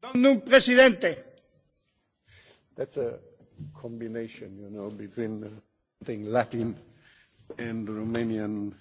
Domnul președinte. That's a combination, you know, between uh, thing Latin and Romanian